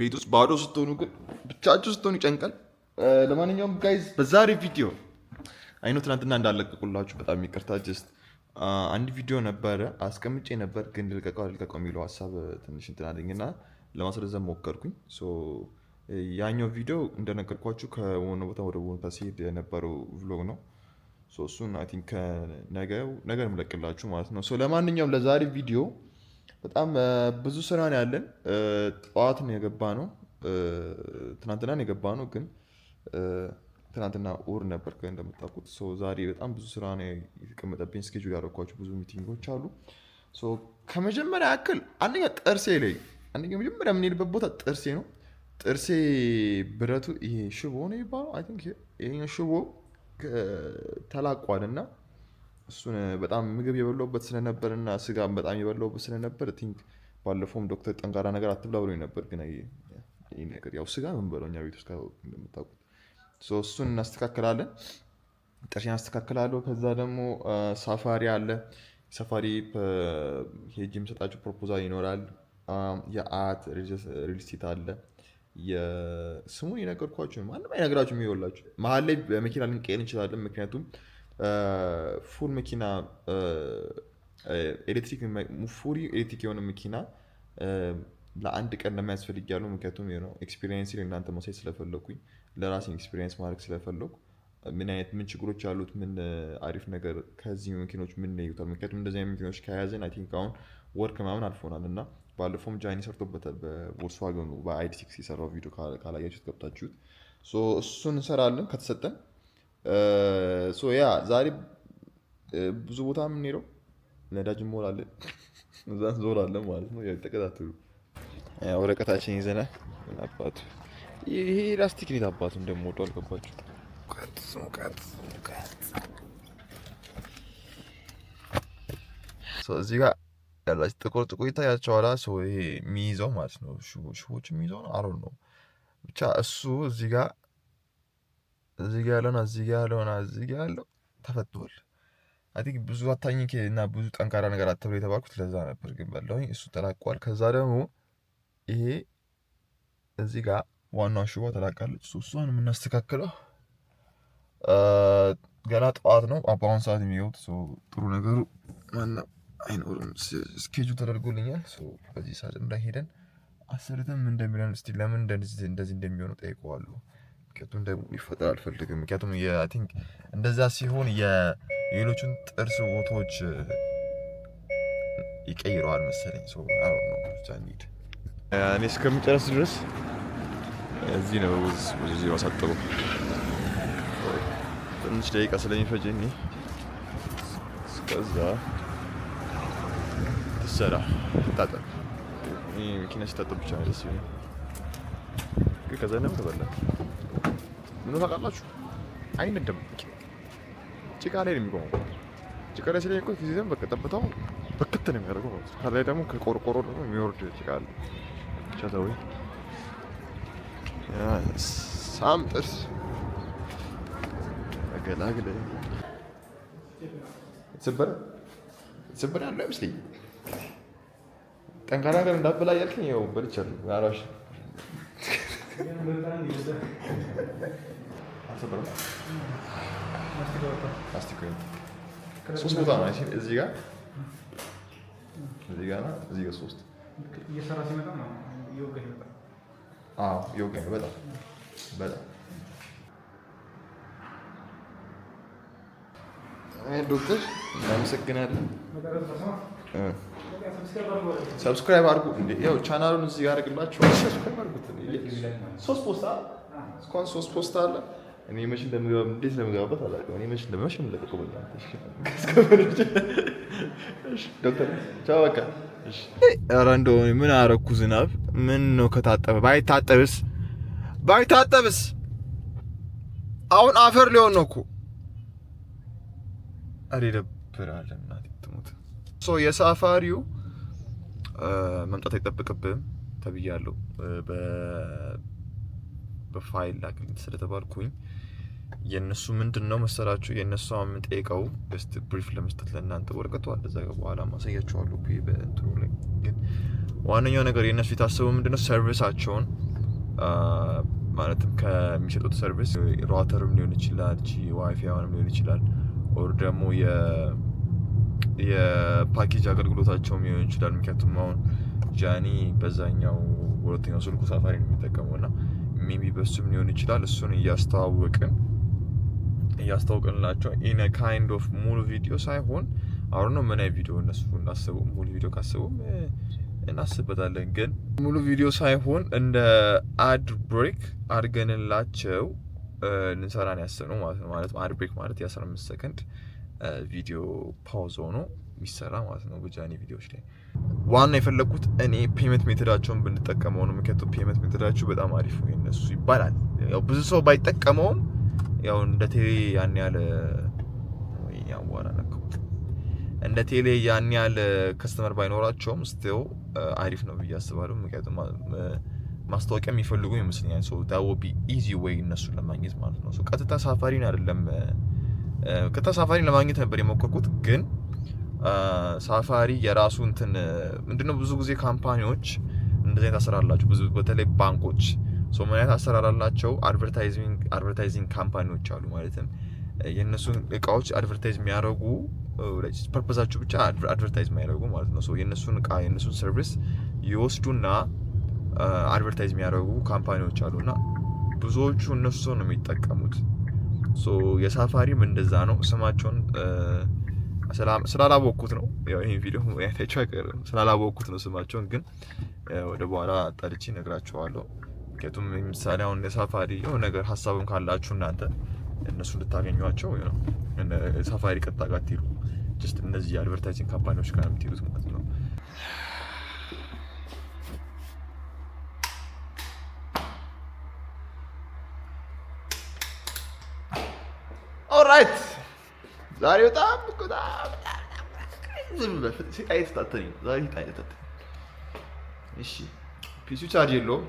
ቤት ውስጥ ባዶ ስትሆኑ ግን ብቻችሁ ስትሆኑ ይጨንቃል። ለማንኛውም ጋይዝ በዛሬ ቪዲዮ አይኖ ትናንትና እንዳለቀቁላችሁ በጣም ይቅርታ። ጀስት አንድ ቪዲዮ ነበረ አስቀምጬ ነበር፣ ግን ልቀቀው አልቀቀው የሚለው ሀሳብ ትንሽ እንትን አለኝና ለማስረዘም ሞከርኩኝ። ያኛው ቪዲዮ እንደነገርኳችሁ ከሆነ ቦታ ወደ ቦታ ሲሄድ የነበረው ቭሎግ ነው። እሱን አይ ቲንክ ነገ ማለት ነው። ለማንኛውም ለዛሬ ቪዲዮ በጣም ብዙ ስራ ነው ያለን። ጠዋት ነው የገባ ነው ትናንትና ነው የገባ ነው ግን ትናንትና እሑድ ነበር እንደምታውቁት። ዛሬ በጣም ብዙ ስራ ነው የተቀመጠብኝ። እስኬጁል ያደረኳቸው ብዙ ሚቲንጎች አሉ። ከመጀመሪያ ያክል አንደኛ ጥርሴ ላይ አንደኛ መጀመሪያ የምንሄድበት ቦታ ጥርሴ ነው። ጥርሴ ብረቱ ይሄ ሽቦ ነው ይባለው፣ ሽቦ ተላቋል እና እሱን በጣም ምግብ የበላሁበት ስለነበርና ስጋ በጣም የበላሁበት ስለነበር ቲንክ ባለፈውም ዶክተር ጠንካራ ነገር አትብላ ብሎኝ ነበር። ግን ይህ ነገር ያው ስጋ ምን በለው እኛ ቤት ውስጥ እንደምታውቁት እሱን እናስተካክላለን። ጥርሴን አስተካክላለሁ። ከዛ ደግሞ ሳፋሪ አለ። ሳፋሪ ሄጅ የሚሰጣቸው ፕሮፖዛል ይኖራል። የአት ሪልስቴት አለ። ስሙን የነገርኳቸው ማንም አይነግራችሁ የሚወላችሁ መሀል ላይ በመኪና ልንቀይር እንችላለን ምክንያቱም ፉል መኪና ኤሌክትሪክ ፉል ኤሌክትሪክ የሆነ መኪና ለአንድ ቀን ለማያስፈልግ ያሉ ምክንያቱም ነው ኤክስፒሪየንስ እናንተ መውሰድ ስለፈለኩኝ ለራሴ ኤክስፒሪየንስ ማድረግ ስለፈለኩ ምን አይነት ምን ችግሮች አሉት፣ ምን አሪፍ ነገር ከዚህ መኪኖች ምን ይዩታል። ምክንያቱም እንደዚህ አይነት መኪኖች ከያዘን አይ ቲንክ አሁን ወርክ ከምናምን አልፎናል እና ባለፈውም ጃኒ ሰርቶበታል በቮልስዋገኑ በአይዲ ሲክስ የሰራው ቪዲዮ ካላያችሁት ገብታችሁት እሱን እንሰራለን ከተሰጠን ሶ ያ ዛሬ ብዙ ቦታ የምንሄደው ነዳጅ እንሞላለን፣ እዛ ዞራለን ማለት ነው። ተከታተሉ። ወረቀታችን ይዘናል። አባቱ ይሄ ላስቲክ ኔት አባቱ እንደምወዱ አልገባችሁ። እዚህ ጋር ያላችሁ ጥቁር ጥቁር ይታያቸዋል። ይሄ የሚይዘው ማለት ነው፣ ሽቦች የሚይዘው ነው። አሮን ነው ብቻ እሱ እዚህ ጋር እዚህ ጋር ያለውን እዚህ ጋር ያለውን እዚህ ጋር ያለው ተፈቷል። አይ ብዙ አታኝ እና ብዙ ጠንካራ ነገር አትብሎ የተባልኩት ለዛ ነበር፣ ግን በላሁኝ። እሱ ተላቋል። ከዛ ደግሞ ይሄ እዚህ ጋር ዋናው ሽቦ ተላቃለች። እሷን የምናስተካክለው ገና ጠዋት ነው በአሁን ሰዓት የሚገቡት ጥሩ ነገሩ ማና አይኖርም። ስኬጁ ተደርጎልኛል። በዚህ ሰዓት ላይ ሄደን አሰርተን ምን እንደሚለን እስኪ ለምን እንደዚህ እንደሚሆነው ጠይቀዋለሁ። ምክንያቱም ደግሞ ይፈጠር አልፈልግም። ምክንያቱም ቲንክ እንደዛ ሲሆን የሌሎቹን ጥርስ ቦታዎች ይቀይረዋል መሰለኝ። ሰው ነው ዛኒድ እኔ እስከምጨረስ ድረስ እዚህ ነው ብዙ ጊዜ ማሳጠቡ ትንሽ ደቂቃ ስለሚፈጅ ስለሚፈጀኝ እስከዛ ትሰራ ስታጠብ መኪና ስታጠብ ብቻ ነው ደስ ይሆናል። ግን ከዛ ለምን ተበላ? ምን ታውቃላችሁ? አይነድም። ጭቃ ላይ ነው የሚቆመው። ጭቃ ላይ ስለሚቆይ ሲዘን በቃ ጠብታው በክት ነው የሚያደርገው። ከላይ ደግሞ ከቆርቆሮ ደግሞ የሚወርድ ጭቃ አለ። ቻታዊ ሳም ጥርስ ገላግለ ስበር ስበር ያለው አይመስለኝም። ጠንካራ ነገር እንዳትበላ እያልከኝ ያው በልቻለሁ። አራሽ ሶስት ቦታ ነው እዚህ ጋር እዚህ ጋር እዚህ ጋር ሶስት እየሰራ ሲመጣ ነው የወጋ በጣም በጣም ዶክተር እናመሰግናለን። ሰብስክራይብ አድርጉ። ይኸው ቻናሉን እዚህ ያደርግላችሁ። እስካሁን ሶስት ፖስታ አለ። እኔ መች እንዴት እንደምገባበት አላውቅም። እኔ መች እንደምመሽ የምለቅቀው ኧረ እንደው ምን አረኩ? ዝናብ ምን ነው ከታጠበ ባይታጠብስ ባይታጠብስ አሁን አፈር ሊሆን ነው እኮ። አሬ ደብራል እናቴ የሳፋሪው መምጣት አይጠብቅብህም ተብያለሁ በፋይል ላክልኝ ስለተባልኩኝ የእነሱ ምንድን ነው መሰላችሁ የእነሱ የምንጠይቀው ስ ብሪፍ ለመስጠት ለእናንተ ወረቀቷል እዛ በኋላ ማሳያችኋለሁ በእንትኑ ላይ ግን ዋነኛው ነገር የእነሱ የታሰበው ምንድነው ሰርቪሳቸውን ማለትም ከሚሰጡት ሰርቪስ ራውተርም ሊሆን ይችላል ዋይፋይም ሊሆን ይችላል ኦር ደግሞ የፓኬጅ አገልግሎታቸው ሊሆን ይችላል። ምክንያቱም አሁን ጃኒ በዛኛው ሁለተኛው ስልኩ ሳፋሪ ነው የሚጠቀመው እና ሜቢ በሱም ሊሆን ይችላል። እሱን እያስተዋወቅን እያስታውቅንላቸው ኢን ካይንድ ኦፍ ሙሉ ቪዲዮ ሳይሆን አሁን ነው ምን ቪዲዮ እነሱ እናስቡ ሙሉ ቪዲዮ ካስቡም እናስበታለን፣ ግን ሙሉ ቪዲዮ ሳይሆን እንደ አድ ብሬክ አድርገንላቸው ልንሰራን ነው ማለት ነው። ማለት አድ ብሬክ ማለት የ15 ሰከንድ ቪዲዮ ፓውዝ ሆኖ የሚሰራ ማለት ነው። ቡጃኔ ቪዲዮዎች ላይ ዋና የፈለግኩት እኔ ፔመንት ሜተዳቸውን ብንጠቀመው ነው። ምክንያቱም ፔመንት ሜተዳቸው በጣም አሪፍ ነው የነሱ ይባላል። ያው ብዙ ሰው ባይጠቀመውም ያው እንደ ቴሌ ያን ያለ ዋና እንደ ቴሌ ያን ያለ ከስተመር ባይኖራቸውም ስቲው አሪፍ ነው ብዬ አስባለሁ። ምክንያቱም ማስታወቂያ የሚፈልጉ ይመስለኛል። ቢ ኢዚ ዌይ እነሱን ለማግኘት ማለት ነው። ቀጥታ ሳፋሪን አይደለም ከተሳፋሪ ለማግኘት ነበር የሞከርኩት ግን ሳፋሪ የራሱ እንትን ምንድነው ብዙ ጊዜ ካምፓኒዎች እንደዚህ አይነት ብዙ በተለይ ባንኮች ሶ ምን አይነት አሰራራላቸው አድቨርታይዚንግ አድቨርታይዚንግ ካምፓኒዎች አሉ። ማለትም የእነሱን እቃዎች አድቨርታይዝ የሚያደርጉ ፐርፐዛቸው ብቻ አድቨርታይዝ የሚያደርጉ ማለት ነው። ሶ የእነሱን እቃ የእነሱን ሰርቪስ ይወስዱና አድቨርታይዝ የሚያደርጉ ካምፓኒዎች አሉ እና ብዙዎቹ እነሱ ነው የሚጠቀሙት የሳፋሪም እንደዛ ነው። ስማቸውን ስላላወቅኩት ነው ይህን ቪዲዮ ያታቸው አይቀርም ስላላወቅኩት ነው ስማቸውን ግን ወደ በኋላ አጣርቼ እነግራችኋለሁ። ምክንያቱም ምሳሌ አሁን የሳፋሪ የሆነ ነገር ሀሳብም ካላችሁ እናንተ እነሱ እንድታገኟቸው ሳፋሪ ቀጥታ ጋር ትሄዱ ጀስት እነዚህ የአድቨርታይዚንግ ካምፓኒዎች ጋር የምትሄዱት ማለት ነው። ዛሬ በጣም እኮ በጣም ዛሬ እሺ ፒሲው ቻርጅ የለውም።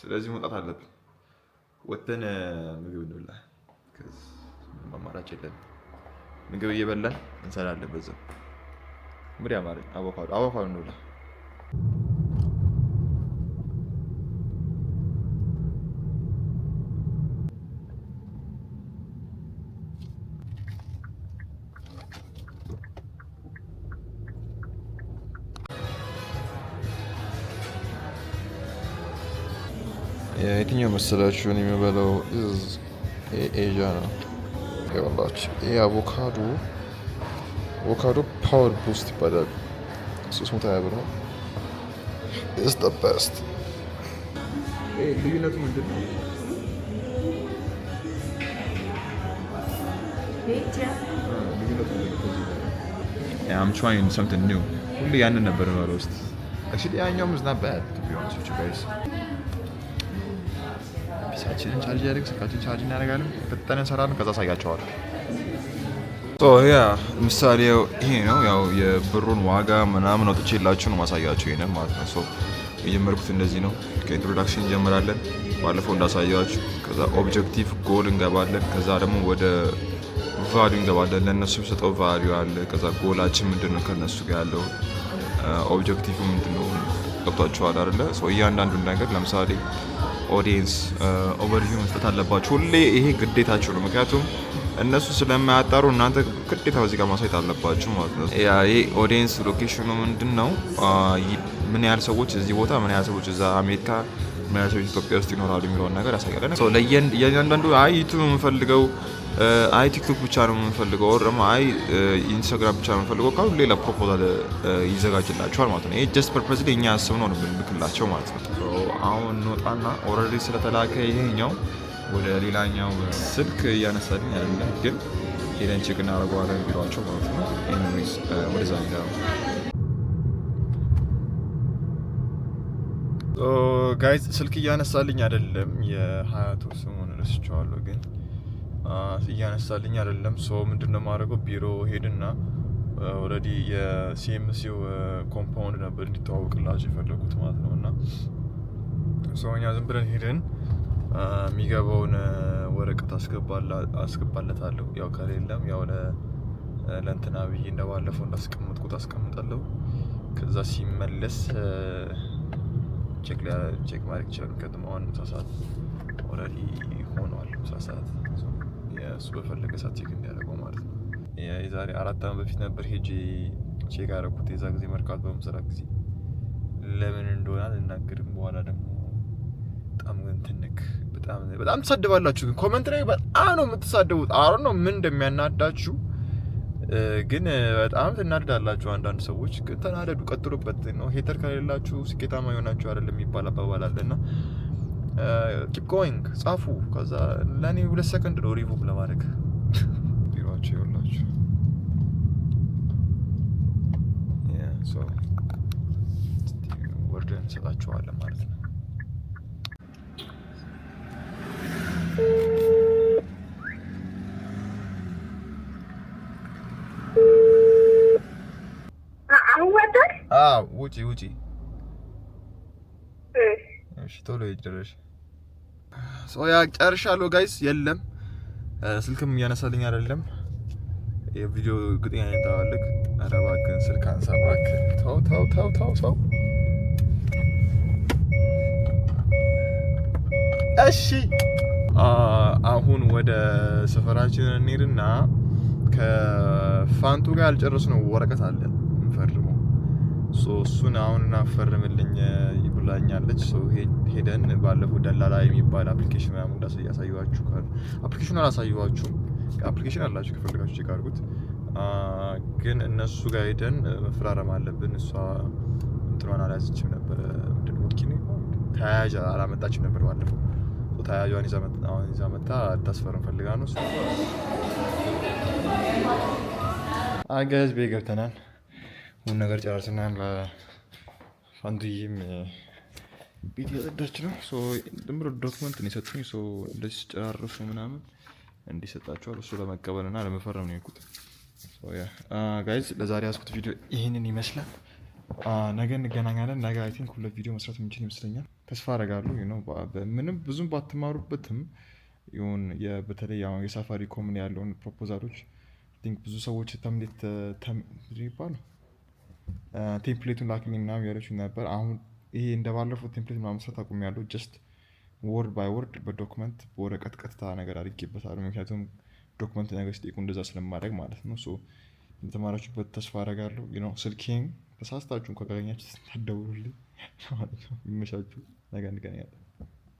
ስለዚህ መውጣት አለብን። ወተን ምግብ እንብላ። አማራጭ የለን። ምግብ እየበላን እንሰራለን። በዛው እንግዲህ አማረኝ። አቮካዶ አቮካዶ እንብላ። የትኛው መሰላችሁን የምበለው ኤዣ ነው። ይኸውላችሁ ይህ አቮካዶ አቮካዶ ፓወር ቡስት ይባላል። ሶስት መቶ ሀያ ብር ነው። ኢስ ዘ ቤስት። ልዩነቱ ምንድን ነው? I'm trying something new ሁሌ ያንን ነበር ነው ውስጥ ያኛውም ስልካችንን ቻርጅ ያደርግ ስልካችን ቻርጅ እናደርጋለን። በጣም እንሰራለን። ከዛ ሳያቸዋል ያ ምሳሌ ይሄ ነው። ያው የብሩን ዋጋ ምናምን አውጥቼላችሁ ነው ማሳያቸው ይሄንን ማለት ነው። ሶ የጀመርኩት እንደዚህ ነው። ከኢንትሮዳክሽን እንጀምራለን። ባለፈው እንዳሳያችሁ፣ ከዛ ኦብጀክቲቭ ጎል እንገባለን። ከዛ ደግሞ ወደ ቫሊዩ እንገባለን። ለእነሱ ሰጠው ቫሊዩ አለ። ከዛ ጎላችን ምንድን ነው ከነሱ ጋር ያለው ኦብጀክቲቭ ምንድን ነው? ገብቷችኋል አይደለ? እያንዳንዱን ነገር ለምሳሌ ኦዲየንስ ኦቨርቪው መስጠት አለባችሁ። ሁሌ ይሄ ግዴታችሁ ነው። ምክንያቱም እነሱ ስለማያጣሩ እናንተ ግዴታ እዚህ ጋር ማሳየት አለባችሁ ማለት ነው። ይሄ ኦዲየንስ ሎኬሽኑ ምንድን ነው? ምን ያህል ሰዎች እዚህ ቦታ፣ ምን ያህል ሰዎች እዛ አሜሪካ፣ ምን ያህል ሰዎች ኢትዮጵያ ውስጥ ይኖራሉ የሚለውን ነገር ያሳያል። ለእያንዳንዱ አይ ዩቱብ የምፈልገው አይ ቲክቶክ ብቻ ነው የምንፈልገው ኦር ደግሞ አይ ኢንስታግራም ብቻ ነው የምንፈልገው ካሉ ሌላ ፕሮፖዛል ይዘጋጅላቸዋል ማለት ነው። ይሄ ጀስት ፐርፐዝ እኛ ያሰብነው ነው የምንልክላቸው ማለት ነው። አሁን እንወጣና ኦልሬዲ ስለተላከ ይሄኛው ወደ ሌላኛው ስልክ እያነሳልኝ ያለ ግን ሄደን ቼክ እናደርገዋለን ቢሯቸው ማለት ነው። ኒስ ወደዛ ሚዳ ነው ጋይዝ ስልክ እያነሳልኝ አይደለም። የሀያቱ ስሙን ረስቸዋለሁ ግን እያነሳልኝ አይደለም። ሶ ምንድን ነው የማደርገው? ቢሮ ሄድና ኦልሬዲ የሲኤምሲው ኮምፓውንድ ነበር እንዲተዋወቅላቸው የፈለጉት ማለት ነው። እና ሰው እኛ ዝም ብለን ሄድን። የሚገባውን ወረቀት አስገባለታለሁ። ያው ከሌለም ያው ለእንትና ብዬ እንደባለፈው እንዳስቀምጥኩት አስቀምጣለሁ። ከዛ ሲመለስ ቼክ ማድረግ ይችላል። ምክንያቱም አሁን ምሳ ሰዓት ኦልሬዲ ሆኗል። ምሳ ሰዓት እሱ በፈለገ ሰዓት ቼክ እንዲያደርገው ማለት ነው። የዛሬ አራት ዓመት በፊት ነበር ሄጄ ቼክ ያደረኩት። የዛ ጊዜ መርካቶ በምሰራ ጊዜ ለምን እንደሆነ አልናገርም። በኋላ ደግሞ በጣም ግን ትንክ በጣም በጣም ትሳደባላችሁ። ግን ኮመንት ላይ በጣም ነው የምትሳደቡት። አሮ ነው ምን እንደሚያናዳችሁ ግን በጣም ትናድዳላችሁ። አንዳንድ ሰዎች ግን ተናደዱ፣ ቀጥሉበት ነው ሄተር ከሌላችሁ ስኬታማ የሆናችሁ አይደለም የሚባል አባባል አለና ኪፕ uh, ጎይንግ ጻፉ። ከዛ ለእኔ ሁለት ሰከንድ ነው ሪቮክ ለማድረግ ቢሮቸው ይሆናቸው ወርደን እንሰጣችኋለን ማለት ነው። ah, ውጪ ውጪ። እሺ ቶሎ ይደረሽ። ያ ጨርሻለሁ ጋይስ። የለም ስልክም እያነሳልኝ አይደለም። የቪዲዮ ግጥኛ ታዋልክ። ኧረ እባክህን ስልክ አንሳ እባክህን። ተው ተው ተው ተው ሰው እሺ አሁን ወደ ሰፈራችን እንሄድና ከፋንቱ ጋር ያልጨረስነው ወረቀት አለ እንፈርመው። እሱን አሁን እናፈርምልኝ ብላኛለች። ሄደን ባለፈው ደላላ የሚባል አፕሊኬሽን ምናምን እንዳስ ያሳየኋችሁ አፕሊኬሽን አላሳየኋችሁም። አፕሊኬሽን አላችሁ ከፈልጋችሁ ቼክ አድርጉት። ግን እነሱ ጋር ሄደን መፈራረም አለብን። እሷ እንትኗን አልያዘችም ነበረ። ምንድን ወርኪ ተያያዥ አላመጣችም ነበር ባለፈው። ተያያጇን ይዛ መጣ ልታስፈርም ፈልጋ ነው። አገዝ ቤት ገብተናል። ሁሉ ነገር ጨረስናል። ፋንቱዬም ቤት የጸዳች ነው። ዝም ብሎ ዶክመንት ነው የሰጡኝ። እንደዚህ ሲጨራርሱ ምናምን እንዲሰጣቸዋል እሱ ለመቀበል እና ለመፈረም ነው የሄድኩት። ጋይዝ ለዛሬ ያዝኩት ቪዲዮ ይህንን ይመስላል። ነገ እንገናኛለን። ነገ አይ ቲንክ ሁለት ቪዲዮ መስራት የምንችል ይመስለኛል። ተስፋ አደርጋለሁ። ምንም ብዙም ባትማሩበትም ይሁን በተለይ አሁን የሳፋሪ ኮምን ያለውን ፕሮፖዛሎች ቲንክ ብዙ ሰዎች ተምሌት ይባሉ ቴምፕሌቱን ላክልኝ ምናምን ያለችው ነበር አሁን ይሄ እንደ ባለፉት ቴምፕሌት ምናምን መስራት ያለው ጀስት ወርድ ባይ ወርድ በዶክመንት በወረቀት ቀጥታ ነገር አድርጌበታለሁ። ምክንያቱም ዶክመንት ነገር ሲጠይቁ እንደዛ ስለማድረግ ማለት ነው። ሶ የተማራችሁበት ተስፋ አደርጋለሁ። ነው ስልኬን ተሳስታችሁን ካገኛችሁ ስታደውሉልኝ ማለት ነው። ይመሻችሁ። ነገ እንገናኛለን።